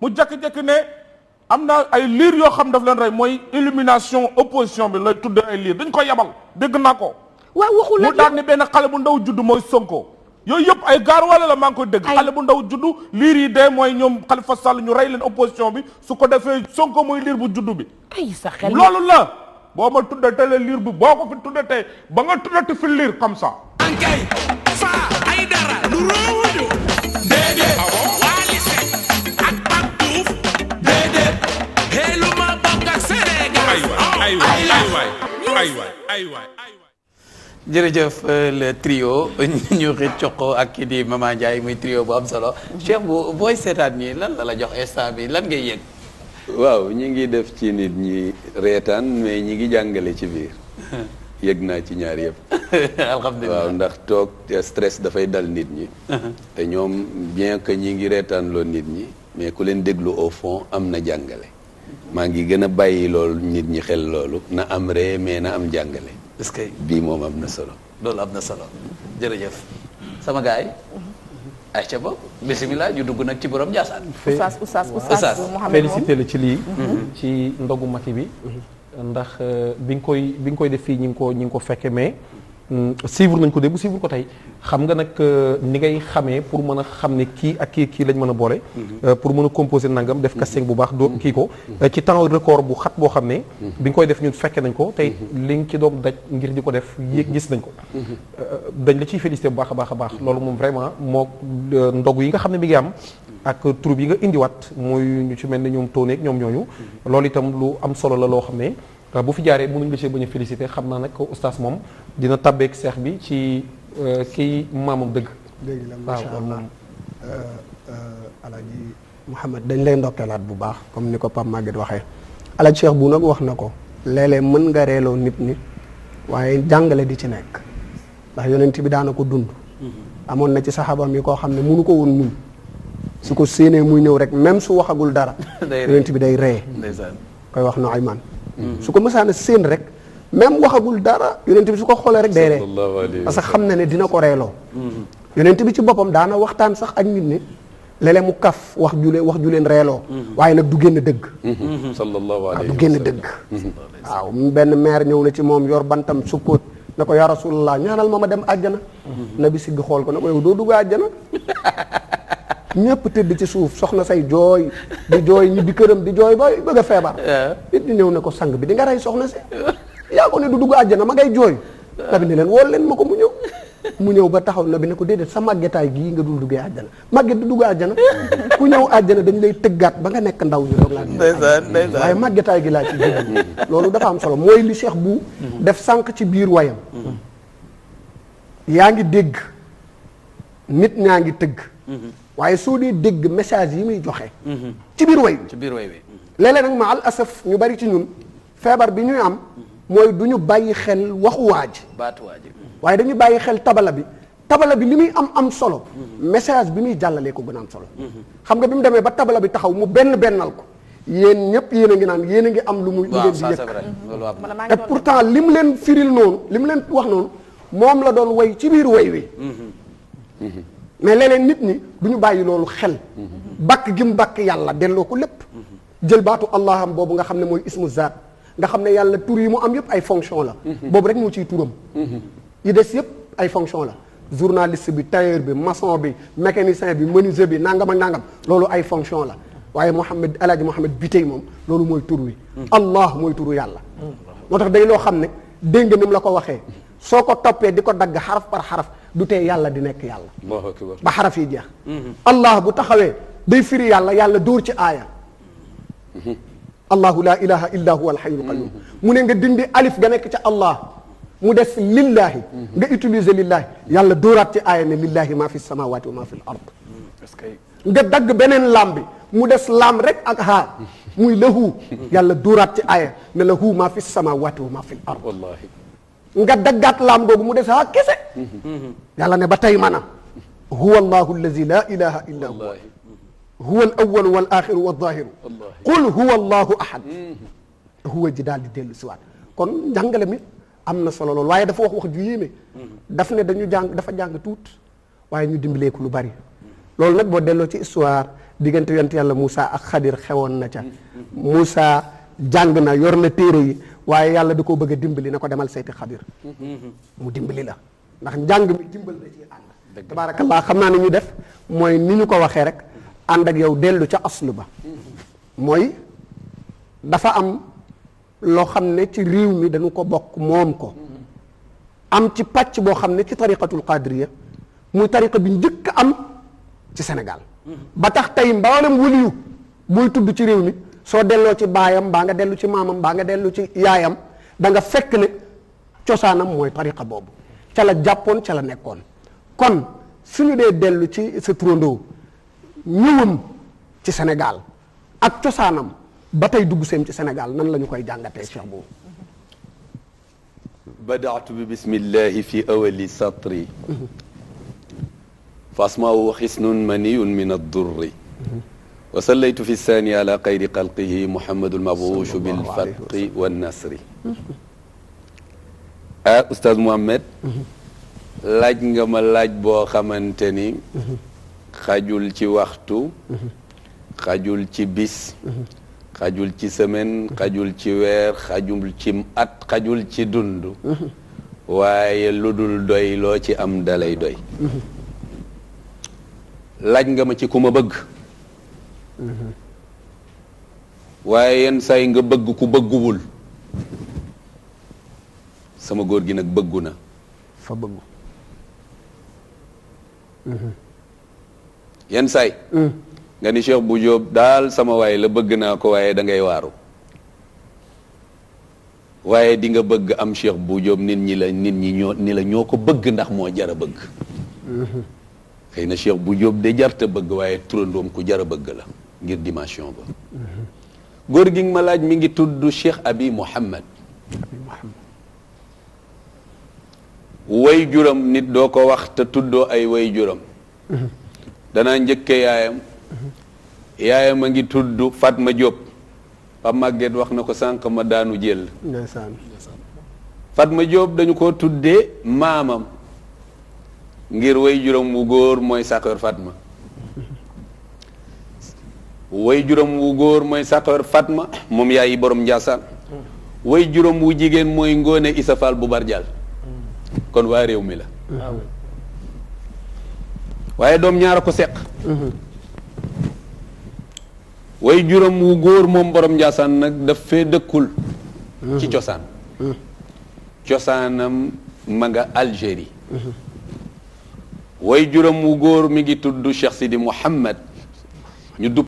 mu jekk-jekk ne am na ay liir yoo xam daf leen rek mooy illumination opposition bi lay tudde ay liir dañ ko yabal dégg naa ko waaw waxul la mu daan ne benn xale bu ndaw judd mooy Sonko yooyu yëpp ay gaar wala la maa ngi koy dégg xale bu ndaw juddu liir yi dee mooy ñoom Khalifa Sall ñu rey leen opposition bi su ko defee Sonko mooy liir bu juddu bi ay loolu la boo ma tuddatee la liir bu boo ko fi tuddatee ba nga tuddati fi liir comme sa ankay fa ay dara lu réewuñu déedéet ay ay waay jërëjëf euh, le trio ñu xit ak kii di Mama Ndiaye muy trio bu am solo Cheikh bu booy seetaan nii lan la la jox instant bi lan ngay yëg waaw ñi ngi def ci nit ñi reetaan mais ñi ngi jàngale ci biir yëg naa ci ñaar yëpp alhamdulilah waaw ndax toog dafay dal nit ñi te ñoom bien que ñi ngi reetaanloo nit ñi mais ku leen déglu au fond am na jàngale maa ngi gën a bàyyi lool nit ñi xel loolu na am ree mais na am jàngale. parce que bii moom am na solo. loolu am na solo jërëjëf sama gars yi. ayca ba bisimilah ñu dugg nag ci borom Ndiassane. oustaz oustaz oustaz félicité la ci lii. Mhm. ci ndogu mati bi. ndax euh, bi nga koy bi nga koy def fii ñu ngi ko ñi ngi ko fekke mais. Euh, suivre nañ ko de bu suivre ko tey xam nga nag euh, ni ngay xamee pour mën a xam ne kii ak kii kii lañ mën a boole mm-hmm. euh, pour mën a composé nangam def casting bu baax doo mm-hmm. kii ko mm-hmm. ci temps record bu xat boo xam ne bi nga koy def ñun fekke nañ ko tey li nga ci doog daj ngir di ko def yéeg gis nañ ko dañ la ciy félicité bu baax a baax a baax loolu moom vraiment moo ndog yi nga xam ne mi ngi am ak troupe yi nga indiwaat mooy ñu ci mel ne ñoom tóoneeg ñoom ñooñu loolu itam lu am solo la loo xam ne bu fi jaaree mënuñ la cee bañ a félicité xam naa nag ko oustaz moom dina tabbeek seex bi ci euh, kii maamam dëgg. dëgg la macha allah euh, euh, alaaji dañ lay ndokkeelaat bu baax comme ni ko Pape Maguette waxee alaaji Cheikh bu nag wax na ko léeg mën nga reeloo nit ñi waaye jàngale di ci nekk ndax yonent bi daana ko dund mhm. amoon na ci saxaabam yi koo xam ne mu mënu ko woon muñ su ko séenee muy ñëw rek même su waxagul dara yonent bi day ree koy wax no ay man Mm-hmm. su ko mësaan a séen rek même waxagul dara yonent bi su ko xoolee rek day ree parce que xam na ne dina ko reeloo mm-hmm. yonent bi ci boppam daana waxtaan sax ak nit ne léeg mu kaf wax julee wax ju leen reeloo mm-hmm. waaye nag du génn dëgg sallallahu ah, alayhi du génn dëgg waaw benn meer ñëw na ci moom yor bantam sukkoot na ko yaa rasulallah ñaanal ma ma dem àjjana nabi sigg xool ko na ko yow doo dugg àjjana ñëpp tëdd ci suuf soxna say jooy di jooy ñi di këram di jooy ba bëgg a feebar nit ñi ñëw ne ko sang bi di nga rey soxna si yaa ko ne du dugg àjjana ma ngay jooy nabi ne leen wool leen ma ko mu ñëw mu ñëw ba taxaw na bi ne ko déedéet sa màggetaay gii nga dul duggee àjjana màgget du dugg àjjana ku ñëw àjjana dañ lay tëggaat ba nga nekk ndaw ñu doog laa waaye màggetaay gi laa ci jublu loolu dafa am solo mooy li cheikh bu def sànq ci biir wayam mm-hmm. yaa ngi dégg nit ñaa ngi tëgg waaye soo dee dégg message yi muy joxe. Mhm. ci biir way ci biir way wi léeg-léeg nag ma al asaf ñu bari ci ñun feebar bi ñuy am mhm. mooy du ñu bàyyi xel waxuwaa ji baatuwaa ji mhm. waaye dañuy bàyyi xel tabala bi tabala bi li muy am am solo message bi muy jàllalee ko gën a am solo xam nga bi mu demee ba tabala bi taxaw mu benn bennal ko yéen ñëpp yéen a ngi naan yéen a ngi am lu mu ngeen di yëkk te pourtant li mu leen firil noonu leen wax noonu moom la doon way ci biir way wi mais leneen nit ñi bu ñu bàyyi loolu xel bakk gi mu bàkk yàlla delloo ko lépp jël baatu allaham boobu nga xam ne mooy ismu zaat nga xam ne yàlla tur yi mu am yëpp ay fonction la boobu rek moo ciy turam yi des yëpp ay fonction la journaliste bi tailleur bi maçon bi mécanicien bi menuisier bi nangam ak nangam loolu ay fonction la waaye Mouhamed El Hadj Mouhamed Biteye moom loolu mooy tur wi allah mooy turu yàlla moo tax day loo xam ne dégg nga ni mu la ko waxee soo ko toppee di ko dagg xaraf par xaraf du tee yàlla di nekk yàlla ba xaraf yi jeex mhm. allah bu taxawee day firi yàlla yàlla dóor ci aaya mhm. allahu laa ilaha illa huwa alxayul qayum mhm. mu ne nga dindi alif ga nekk ca allah mu des lillaahi nga utiliser lillaahi yàlla dóoraat ci aaya ne lillaahi maa fi samawati wa maa fi l ard nga dagg beneen laam bi mu des laam rek ak haa muy lahu yàlla dóoraat ci aaya ne lahu maa fi samawati wa maa fi l nga daggaat laam googu mu des ha yàlla ne ba tey maanaam huwa allahu allazi la ilaha illa huwa huwa al awalu wal axiru wa zahiru qul mm-hmm. huwa ji daal di dellu siwaat kon njàngale mi am na solo lool waaye dafa wax wax ju yéeme mm-hmm. daf ne dañu jàng dafa jàng tuut waaye ñu dimbalee ko lu bari loolu nag boo delloo ci histoire diggante yonent yàlla Moussa ak Xadir xewoon na ca Moussa mm-hmm. jàng na yor na téere yi waaye yàlla da koo bëgg a dimbali na ko demal seeti xabir mm-hmm. mu dimbali la ndax njàng mi dimbal da ci ànd tabaarakallaa xam naa ne ñuy def mooy ni ñu ko waxee rek ànd ak yow dellu ca aslu ba mm-hmm. mooy dafa am loo xam ne ci réew mi dañu ko bokk moom ko mm-hmm. am ci pàcc boo xam ne ci tariqatul qadiriya muy tariqa bi njëkk am ci Sénégal ba tax tey mboolem waliyu buy tudd ci réew mi soo delloo ci baayam baa nga dellu ci maamam baa nga dellu ci yaayam danga nga fekk ne cosaanam mooy tariqa boobu ca la jàppoon ca la nekkoon kon suñu dee dellu ci sa turandoo ñëwam ci Sénégal ak cosaanam ba tey dugg seem ci Sénégal nan la ñu koy jàngatee Cheikh boobu badaatu bi bismillahi fi awali satri fasmaahu xisnun maniyun min addurri wa sallaytu fi saani ala xayri xalqihi muhammadul mabuusu bil fatqi wa nasri ah oustaz Mouhamed laaj nga ma laaj boo xamante ni xajul ci waxtu xajul ci bis xajul ci semaine xajul ci weer xajul ci at xajul ci dund waaye lu dul doy loo ci am dalay doy laaj nga ma ci ku ma bëgg waaye yenn saa nga bëgg ku bëgguwul sama góor gi nag bëggu na fa bëggu yenn saay mm. nga ni Cheikh bu Jóob daal sama waay la bëgg naa ko waaye dangay waaru waaye dinga bëgg am Cheikh bu Jóob nit ñi la nit ñi ñoo ni la ñoo ko bëgg ndax moo jar a bëgg mm-hmm. xëy na Cheikh bu Jóob de jarta bëgg waaye turandoom ku jar a bëgg la ngir dimension ba góor gi ma laaj mi ngi tudd Cheikh Abi Mouhammad Abi Mouhammad way juram nit doo ko wax te tuddoo ay way juram dana njëkke yaayam yaayam a ngi tudd Fatma Diop Pa Màgget wax na ko sànq ma daanu jël ndeysaan Fatma Diop dañu ko tuddee maamam ngir way juram wu góor mooy Sakor Fatma way juróom wu góor mooy Saxoor Fatma moom yaayi boroom Ndiassane way juróom wu jigéen mooy Ngóone Issa Fall bu Barjaal kon waa réew mi la waaye doom ñaar a ko seq way juróom wu góor moom borom Ndiassane nag daf fee dëkkul ci cosaan cosaanam ma nga Algérie way juróom wu góor mi ngi tudd Cheikh Sidi Mouhammad ñu